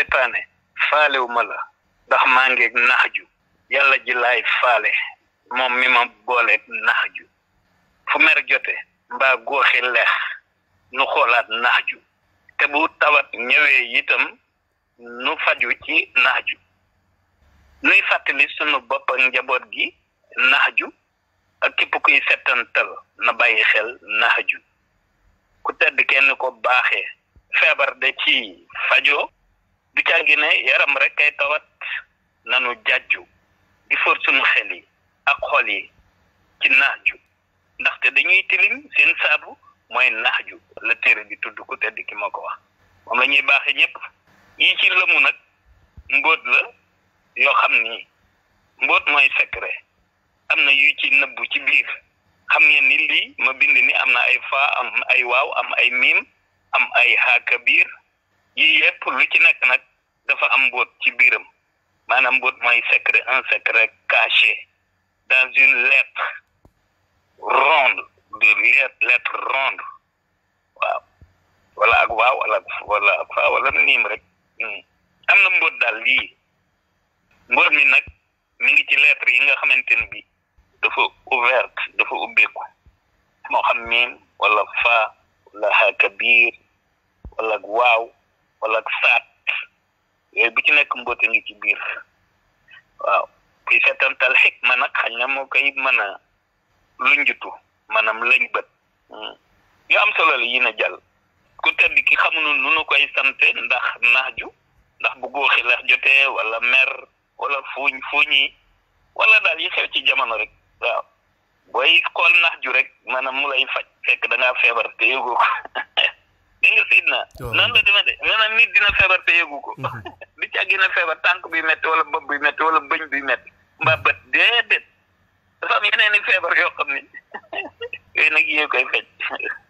seytaane faalewu la ndax maa ngeeg nax ju yàlla ji lay faale moom mi ma boole nax ju fu mer jote mbaa gooxi leex nu xoolaat nax ju te bu tawat ñëwee itam nu faju ci nax ju nuy fàttali sunu boppa njaboot gi nax ju ak képp kuy settantal na bàyyi xel nax ju ku tedd kenn ko baaxee feebar de ci fajoo du caagi ne yaram rek kay tawat nanu jajju di for sunu xeli ak xol yi ci naaju te dañuy tilim seen saabu mooy naaju la téere bi tudd ko tedd ki mako wax moom la ñuy baaxe ñëpp yi ci lëmu nag mbóot la yoo xam ni mbóot secret am na yu ci nëbbu ci biir xam ngeen ya ni lii ma bind ni am na ay faa am ay waaw am ay miim am ay haa kabir yii yëpp lu ci nekk nag dafa am mboot ci biiram maanaam mboot mooy secret un secret caché dans une lettre ronde de lettre ronde waaw wala ak waaw wala ak wala ak faa wala niim rek hmm. am na mboot daal lii mboot mi nag mi ngi ci lettre yi nga xamante ne bi dafa ouverte dafa ubbeeku moo xam miim wala faa wala ha kabiir wala waaw wala saat yooyu bu ci nekk mbóote ngi ci biir waaw kuy setantal xikma nag xañ na moo koy mën a lunjutu maanaam lañ bët hmm. yu am solo la yi jàll ku tedd ki xamnu nu nu koy sante ndax naaju ndax bu góoxi la jotee wala mer wala fuuñ fuuñi wala daal yi xew ci jamono rek waaw boy xool naaju rek maanaam mu lay faj fekk da ngaa feebar te yëgoo ko fitna oh. noonu la demee de nit dina feebar te yëgu ko di mhm. ca gën a feebar tànk bi metti wala bopp bi metti wala bëñ bi metti mbaa bët déedéet dafa am yeneen i feebar yoo ni koy